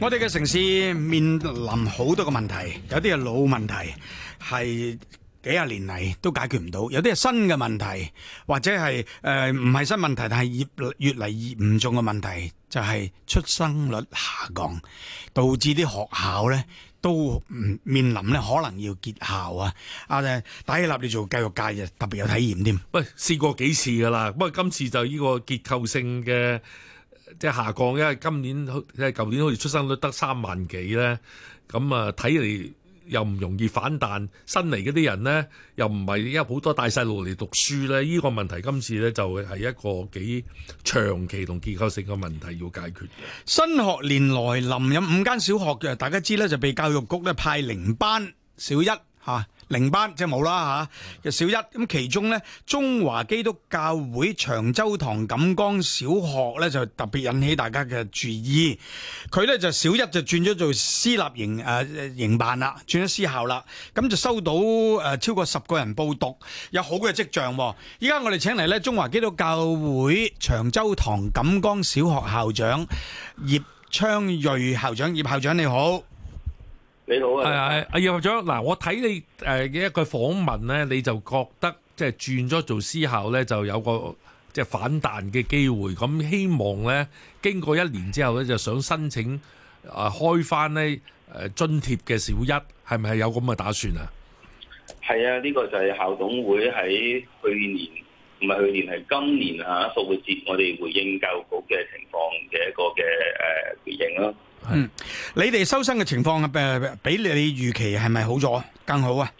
我哋嘅城市面臨好多嘅問題，有啲係老問題，係幾廿年嚟都解決唔到；有啲係新嘅問題，或者係誒唔係新問題，但係越越嚟越嚴重嘅問題，就係出生率下降，導致啲學校咧都面臨咧可能要結校啊！阿鄭，打起蠟你做教育界就特別有體驗添。喂，試過幾次㗎喇，不過今次就呢個結構性嘅。即係下降，因為今年即係舊年好似出生率得三萬幾咧，咁啊睇嚟又唔容易反彈。新嚟嗰啲人咧，又唔係而家好多大細路嚟讀書咧，呢、呢個問題今次咧就係一個幾長期同結構性嘅問題要解決。新學年來臨，有五間小學嘅大家知咧，就被教育局咧派零班小一嚇。啊。零班即係冇啦吓，就小一咁，嗯、其中呢，中華基督教會長洲堂錦江小學呢，就特別引起大家嘅注意，佢呢，就小一就轉咗做私立營誒營辦啦，轉咗私校啦，咁就收到誒、呃、超過十個人報讀，有好嘅跡象、哦。依家我哋請嚟呢，中華基督教會長洲堂錦江小學校長葉昌銳校長，葉校長你好。你好啊，係係阿葉校長，嗱，我睇你誒一個訪問咧，你就覺得即係轉咗做私校咧，就有個即係反彈嘅機會。咁希望咧，經過一年之後咧，就想申請誒開翻咧誒津貼嘅小一，係咪有咁嘅打算啊？係啊，呢個就係校董會喺去年，唔係去年係今年啊復活節，會節我哋回應教育局嘅情況嘅一個嘅誒。呃嗯，你哋收生嘅情況誒、呃，比你預期係咪好咗？更好啊？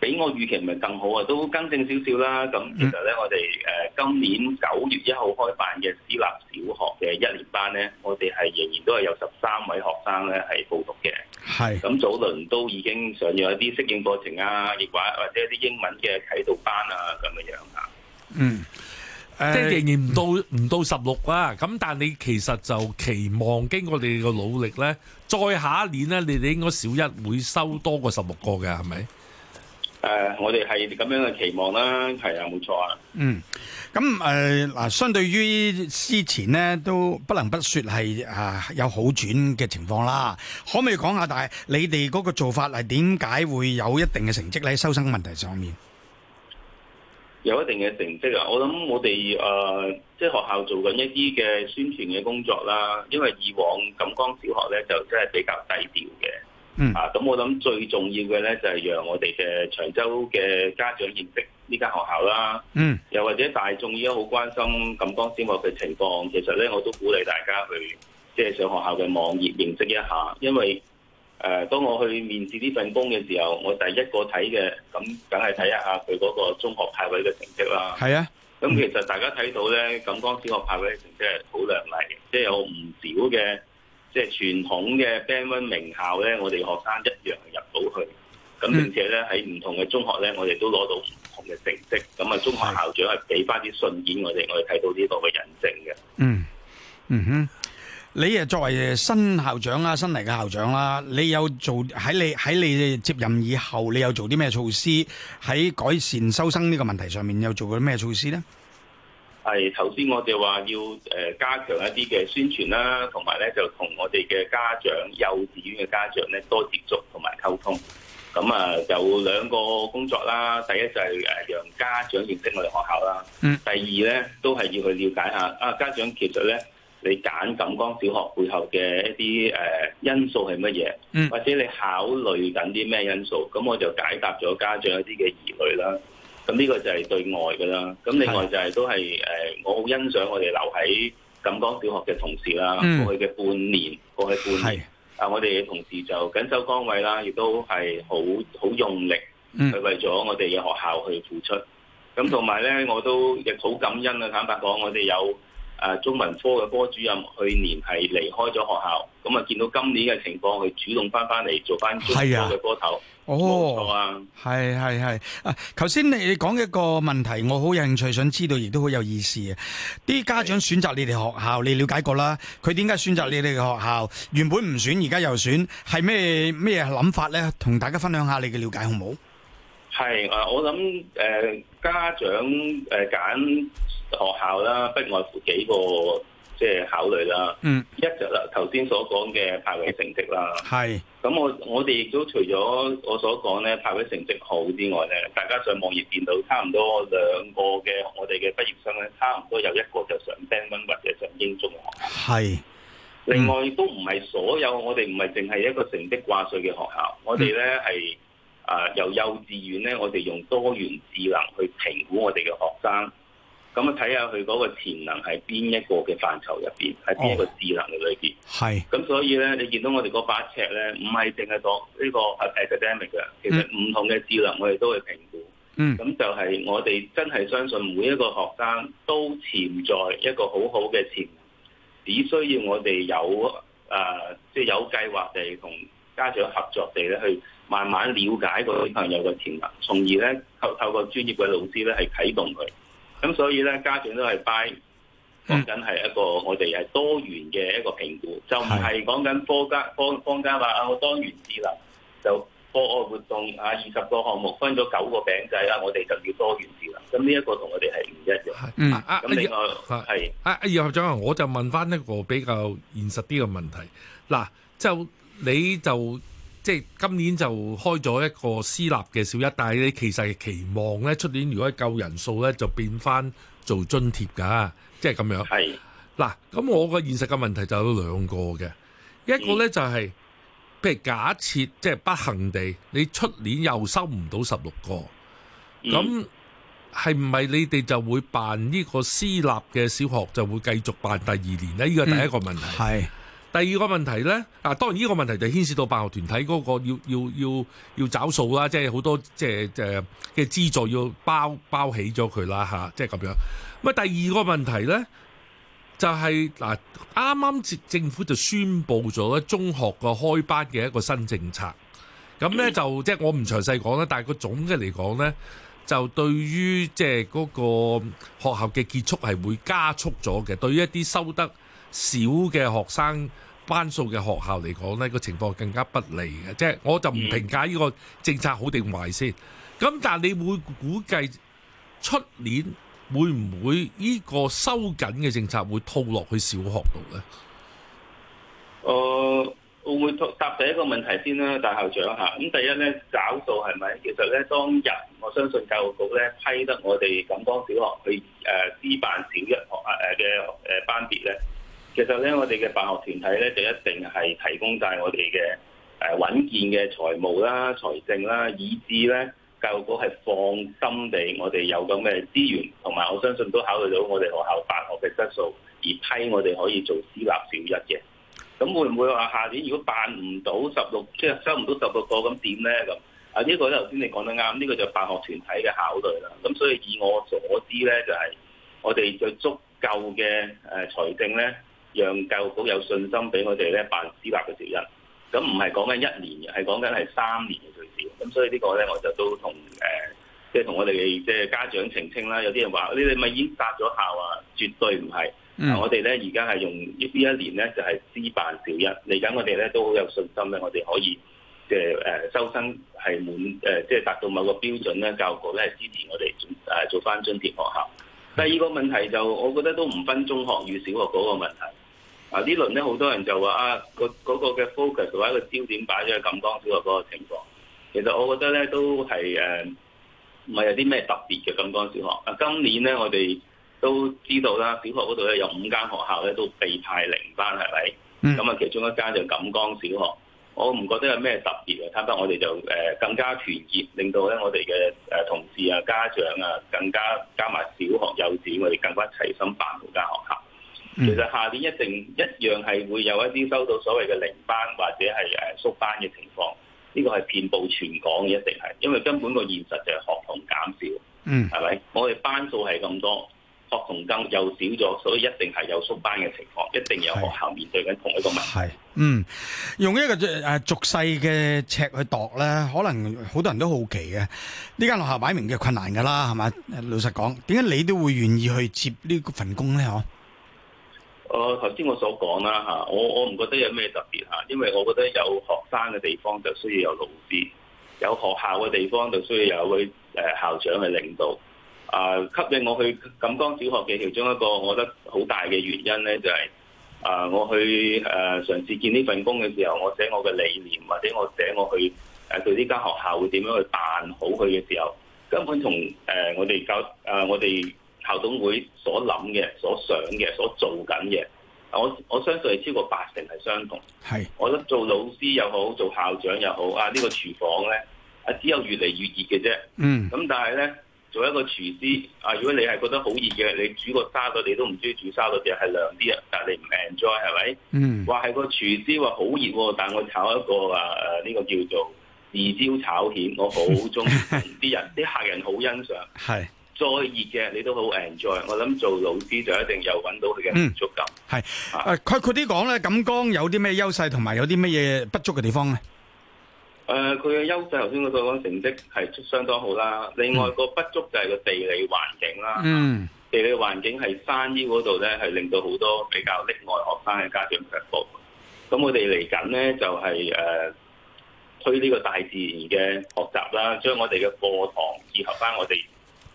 比我預期咪更好啊，都更正少少啦。咁其實咧，嗯、我哋誒、呃、今年九月一號開辦嘅私立小學嘅一年班咧，我哋係仍然都係有十三位學生咧係報讀嘅。係咁是早輪都已經上咗一啲適應課程啊，亦或或者一啲英文嘅啟導班啊，咁樣樣啊。嗯。呃、即係仍然唔到唔、嗯、到十六啦，咁但係你其實就期望經過你個努力咧，再下一年咧，你哋應該小一會收多過十六個嘅係咪？誒、呃，我哋係咁樣嘅期望啦，係啊，冇錯啊。嗯，咁誒嗱，相對於之前咧，都不能不說係誒、呃、有好轉嘅情況啦。可唔可以講下？但係你哋嗰個做法係點解會有一定嘅成績喺收生問題上面？有一定嘅成績啊！我諗我哋誒、呃，即係學校做緊一啲嘅宣傳嘅工作啦。因為以往錦江小學咧，就真係比較低調嘅。嗯啊，咁我諗最重要嘅咧，就係、是、讓我哋嘅長洲嘅家長認識呢間學校啦。嗯，又或者大眾依家好關心錦江小學嘅情況，其實咧我都鼓勵大家去即係上學校嘅網頁認識一下，因為，誒、啊，當我去面試呢份工嘅時候，我第一個睇嘅，咁梗係睇一下佢嗰個中學派位嘅成績啦。係啊，咁、嗯、其實大家睇到咧，咁錦江小學派位成績係好亮麗嘅，即係有唔少嘅，即係傳統嘅 Band One 名校咧，我哋學生一樣入到去，咁並且咧喺唔同嘅中學咧，我哋都攞到唔同嘅成績，咁啊中學校長係俾翻啲信件我哋，我哋睇到呢個嘅印證嘅。嗯，嗯哼。你誒作為新校長啦，新嚟嘅校長啦，你有做喺你喺你接任以後，你有做啲咩措施喺改善收生呢個問題上面，有做過啲咩措施呢？係頭先我哋話要誒加強一啲嘅宣傳啦，同埋咧就同我哋嘅家長、幼稚園嘅家長咧多接觸同埋溝通。咁啊，有兩個工作啦，第一就係誒讓家長認識我哋學校啦。嗯。第二咧都係要去了解下啊，家長其實咧。你揀錦江小學背後嘅一啲誒、呃、因素係乜嘢？或者你考慮緊啲咩因素？咁我就解答咗家長一啲嘅疑慮啦。咁呢個就係對外噶啦。咁另外就係都係誒，我好欣賞我哋留喺錦江小學嘅同事啦。嗯、過去嘅半年，過去半年，是啊，我哋嘅同事就緊守崗位啦，亦都係好好用力，去為咗我哋嘅學校去付出。咁同埋咧，我都亦好感恩啊！坦白講，我哋有。誒，中文科嘅科主任去年係離開咗學校，咁啊，見到今年嘅情況，佢主動翻翻嚟，做翻中文科嘅科頭。哦，咗啊，係係係。啊，頭先你講一個問題，我好有興趣想知道，亦都好有意思啊！啲家長選擇你哋學校，你了解過啦，佢點解選擇你哋嘅學校？原本唔選，而家又選，係咩咩諗法咧？同大家分享下你嘅了解，好唔好？係誒、啊，我諗誒、呃，家長誒揀。呃學校啦，不外乎幾個即係、就是、考慮啦。嗯，一就頭先所講嘅派位成績啦。係是，咁我我哋亦都除咗我所講咧派位成績好之外咧，大家上網頁見到差唔多兩個嘅我哋嘅畢業生咧，差唔多有一個就上 band one 或者上英中學。係是，另外亦、嗯、都唔係所有我哋唔係淨係一個成績掛帥嘅學校，我哋咧係啊由幼稚園咧，我哋用多元智能去評估我哋嘅學生。咁啊，睇下佢嗰個潛能係邊一個嘅範疇入邊，係邊一個智能嘅裏邊。係。咁所以咧，是你見到我哋嗰把尺咧，唔係淨係講呢個 academic 嘅，其實唔同嘅智能我哋都會評估。嗯。咁就係我哋真係相信每一個學生都潛在一個好好嘅潛能，只需要我哋有誒，即、呃、係、就是、有計劃地同家長合作地咧，去慢慢了解個小朋友嘅潛能，從而咧透透過專業嘅老師咧係啟動佢。咁所以咧，家長都係拜講緊係一個我哋係多元嘅一個評估，就唔係講緊科家科科家話啊，我多元智能啦，就課外活動啊，二十個項目分咗九個餅仔啦，我哋就要多元智能啦。咁呢一個同我哋係唔一樣。嗯啊，咁另外係啊啊葉校長，我就問翻一個比較現實啲嘅問題。嗱，就你就。即係今年就開咗一個私立嘅小一，但係你其實期望咧出年如果夠人數咧就變翻做津貼㗎，即係咁樣。係是。嗱，咁我個現實嘅問題就有兩個嘅，一個咧就係、是，嗯、譬如假設即係不幸地你出年又收唔到十六個，咁係唔係你哋就會辦呢個私立嘅小學就會繼續辦第二年呢？呢個第一個問題係。嗯第二個問題呢，啊，當然呢個問題就牽涉到辦學團體嗰個要要要要找數啦，即係好多即係嘅資助要包包起咗佢啦吓，即係咁樣。咁第二個問題呢，就係嗱啱啱政府就宣布咗中學嘅開班嘅一個新政策，咁呢，就即係我唔詳細講啦，但係個總嘅嚟講呢，就對於即係嗰個學校嘅結束係會加速咗嘅，對於一啲收得少嘅學生。班數嘅學校嚟講呢個情況更加不利嘅，即係我就唔評價呢個政策好定壞先。咁但係你會估計出年會唔會呢個收緊嘅政策會套落去小學度呢？誒、呃，我會答第一個問題先啦，大校長吓。咁第一呢搞數係咪？其實呢，當日我相信教育局呢批得我哋錦江小學去誒資辦小一學誒嘅誒班別呢。其實咧，我哋嘅辦學團體咧就一定係提供晒我哋嘅誒穩健嘅財務啦、財政啦，以至咧教育局係放心地，我哋有咁嘅資源，同埋我相信都考慮到我哋學校辦學嘅質素，而批我哋可以做私立小一嘅。咁會唔會話下年如果辦唔到十六，即係收唔到十六個咁點咧？咁啊呢個咧頭先你講得啱，呢、呢個就辦學團體嘅考慮啦。咁所以以我所知咧，就係、係、我哋有足夠嘅誒財政咧。讓教育局有信心俾我哋咧辦私辦嘅小一，咁唔係講緊一年嘅，係講緊係三年嘅最少。咁所以呢個咧，我就都同誒，即係同我哋即係家長澄清啦。有啲人話你哋咪已經殺咗校啊，絕對唔係。嗯、我哋咧而家係用呢一年咧就係私辦小一。嚟緊我哋咧都好有信心咧，我哋可以嘅誒、呃、收生係滿誒，即、呃、係達到某個標準咧，教育局咧係支持我哋誒做翻、啊、津貼學校。第二個問題就，我覺得都唔分中學與小學嗰個問題。嗱呢輪咧，好多人就話啊，那個嗰、那個嘅 focus 話一個焦點擺咗喺錦江小學嗰個情況。其實我覺得咧，都係誒，唔、呃、係有啲咩特別嘅錦江小學。啊，今年咧，我哋都知道啦，小學嗰度咧有五間學校咧都被派零班，係咪？咁啊、嗯，其中一間就錦江小學，我唔覺得有咩特別。相反我，我哋就誒更加團結，令到咧我哋嘅誒同事啊、家長啊，更加加埋小學幼稚園，我哋更加齊心辦好間學校。嗯、其實下年一定一樣係會有一啲收到所謂嘅零班或者係誒縮班嘅情況，呢個係遍布全港嘅，一定係，因為根本個現實就係學童減少，嗯，係咪？我哋班數係咁多，學童又少咗，所以一定係有縮班嘅情況，一定有學校面對緊同一個問題。係，嗯，用一個誒、呃、逐細嘅尺去度咧，可能好多人都好奇嘅。呢間學校擺明嘅困難噶啦，係嘛、呃？老實講，點解你都會願意去接呢份工咧？嗬？我頭先我所講啦嚇，我我唔覺得有咩特別嚇，因為我覺得有學生嘅地方就需要有老師，有學校嘅地方就需要有嗰啲誒校長嘅領導。啊、呃，吸引我去錦江小學嘅其中一個，我覺得好大嘅原因咧、就係，就係啊，我去誒嘗試見呢份工嘅時候，我寫我嘅理念，或者我寫我去誒對呢間學校會點樣去辦好佢嘅時候，根本從誒、呃、我哋教誒我哋。校董會所諗嘅、所想嘅、所做緊嘅，我我相信係超過八成係相同。係，我覺得做老師又好，做校長又好，啊呢個廚房咧，啊只有越嚟越熱嘅啫。嗯。咁但係咧，做一個廚師，啊如果你係覺得好熱嘅，你煮個沙律，你都唔中意煮沙律嘅係涼啲啊，但你唔 enjoy 係咪？嗯。話係個廚師話好熱，但係我炒一個啊呢個叫做豉椒炒蜆，我好中意啲人，啲客人好欣賞。係。再熱嘅你都好 enjoy，我諗做老師就一定有揾到佢嘅滿足感。係誒、嗯，概括啲講咧，錦江有啲咩優勢同埋有啲咩嘢不足嘅地方咧？誒，佢嘅優勢頭先我所講成績係相當好啦。嗯、另外個不足就係個地理環境啦。嗯，地理環境係山腰嗰度咧，係令到好多比較溺愛學生嘅家長卻步。咁、嗯、我哋嚟緊咧就係、是、誒、呃、推呢個大自然嘅學習啦，將我哋嘅課堂結合翻我哋。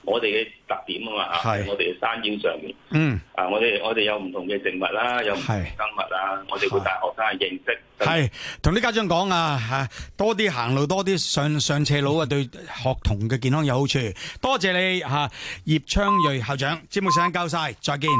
我哋嘅特點啊嘛嚇，喺是我哋嘅山腰上面。嗯，啊我哋我哋有唔同嘅植物啦、啊，有唔同生物啦、啊，是我哋會帶學生去認識。係是，同啲以家長講啊吓，多啲行路，多啲上上斜路啊，對學童嘅健康有好處。多謝你吓，葉、啊、昌銳校長，節目時間交晒，再見。